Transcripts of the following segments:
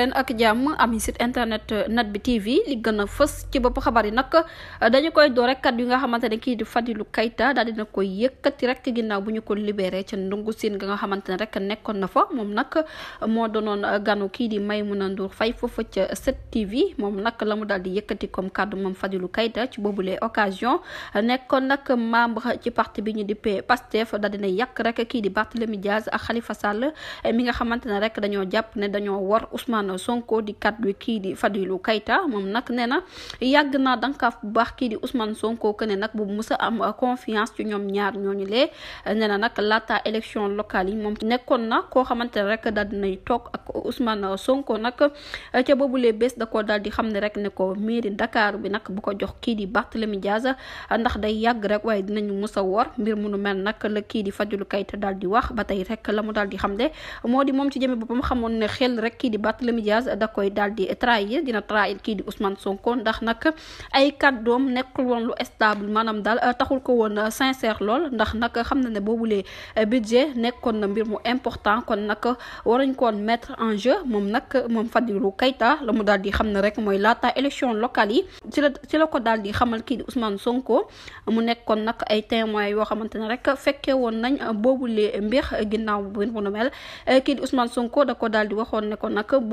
leen ak jàmm am site internet euh, net bi TV li gën a fës ci bopp xabar yi nag euh, dañu koy door rek kat yu nga xamante ne kii di Fadilou Keita daal dina koy yëkkati rek ginnaaw bu ñu ko libéré ca ndungu siin nga nga xamante ne rek nekkoon na fa moom nag euh, moo doonoon ganu kii di Maimouna Ndour Faye foofa ca 7TV moom nag la mu daal di yëkkati comme kàddu moom Fadilou Keita ci boobule occasion nekkoon nag membre ci parti bi ñu di Pastef daal dina yàq rek kii di Barthélémy Diaz ak Khalifa Sall mi nga xamante ne rek dañoo jàpp ne Sonko di kaddu kii di Fadilou Keita moom nag nee na yàgg naa dankaaf bu baax kii di Ousmane Sonko que ne nag bu musa am confiance ci ñoom ñaar ñooñu lee nee na nag laata élection locale yi moom nekkoon na koo xamante ne rek di nay toog ak Ousmane Sonko nag ca boobulee bés da koo daal di xam ne rek ne ko mairie Dakar bi nag bu ko jox kii di Barthélemy Diaz ndax day yàgg rek waaye dinañu musa wor mbir munu mel nag la kii di Fadilou Keita dal di wax ba Barthélemy Diaz da koy daal di trahir dina trahir kii di Ousmane Sonko ndax nag ay kàddoom nekkul woon lu stable maanaam daal euh, taxul ko woon euh, sincère lool ndax nag xam na ne boobulee euh, budget nekkoon na mbir mu important kon nag waruñ koon mettre en jeu moom nag moom Fadilou Keita la mu daal di xam ne rek mooy laata élection locale yi ci la ci la ko daal di xamal kii di Ousmane Sonko mu nekkoon nag ay témoins yoo xamante ne rek fekkee woon nañ boobulee mbir ginnaaw bu nu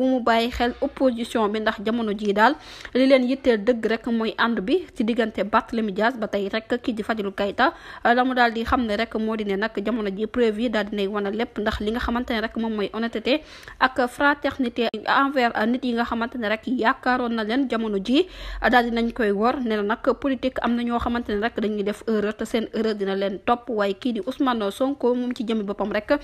mu bàyyi xel opposition bi ndax jamono jii daal li leen yitteel dëgg rek mooy ànd bi ci diggante Barthélemy Dias ba tey rek kii di Fadilou Keita la mu daal di xam ne rek moo di ne nag jamono ji preuve yi daal dinay wane lépp ndax li nga xamante ne rek moom mooy honnêteté ak fraternité envers nit yi nga xamante ne rek yaakaaroon na leen jamono ji daal dinañ koy wor ne nag politique am na ñoo xamante ne rek dañuy def erreur te seen erreur dina leen topp waaye kii di Ousmane Sonko moom ci jëmi boppam rek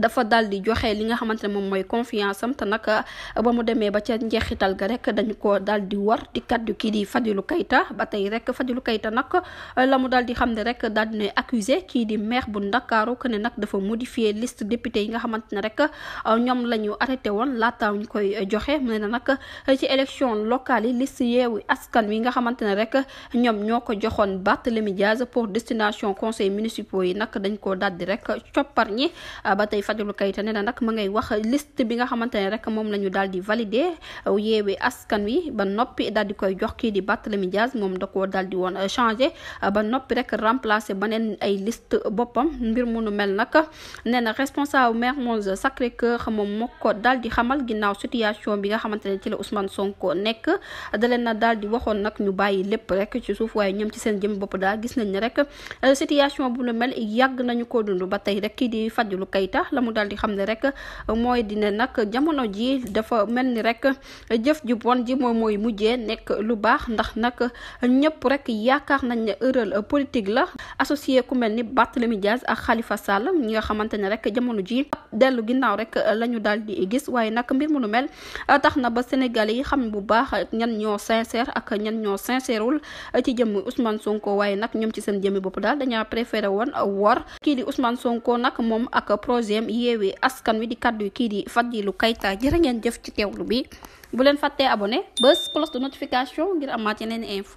dafa dal di joxe li nga xamante ne moom mooy confiance am te nag uh, ba mu demee ba ca njeexital ga rek dañu ko dal di war di kaddu kii di Fadilou Keita ba tey rek Fadilou Keita nag uh, la mu daal di xam ne rek daal di ne accusé kii di meex bu Ndakaaru que ne nag dafa modifier list député yi nga xamante ne rek uh, ñoom la ñu arrêté woon laata ñu koy joxe mu ne nag ci élection locale yi liste yeewu askan wi nga xamante ne rek ñoom ñoo ko joxoon Barthélémy Dias pour destination conseil municipaux yi nag dañ koo daal di rek coppar ñi ba tey Fadilou Keita nee na nag ma ngay wax list bi nga xamante ne rek moom la ñu daal di valider euh, yeewi askan wi ba noppi daal di koy jox kii di Barthélémy Dias moom da koo daal di woon euh, changé euh, ba noppi rek remplacer beneen ay liste boppam mbir mu nu mel nag nee na responsable Mermoz Sacré-Cœur moom moo ko daal di xamal ginnaaw situation bi nga xamante ne ci la Ousmane Sonko nekk da leen na daal di waxoon nag ñu bàyyi lépp rek ci suuf waaye ñoom ci seen jëm bopp daal gis nañ ne rek situation bu nu mel yàgg nañu ko dund ba tey rek kii di Fadilou kayita la mu daal di xam ne rek mooy dina nag jamono ji dafa mel ni rek jëf ju bon ji moom mooy mujjee nekk lu baax ndax nag ñëpp rek yaakaar nañ ne erreur politique la associé ku mel ni Barthélemy Diaz ak xalifa Sall ñi nga xamante ne rek jamono ji dellu ginnaaw rek la ñu daal di gis waaye nag mbir munu nu mel tax na ba Sénégalais yi xam bu baax ñan ñoo sincère ak ñan ñoo sincèrewul ci jëm Ousmane Sonko waaye nag ñoom ci seen jëmmi bopp daal dañaa préféré woon wor kii deuxième yeewee askan wi di kaddu kii di Fadilou Keita jërë ngeen jëf ci teewlu bi bu leen fàttee abonné bés cloche de notification ngir amaat yeneen info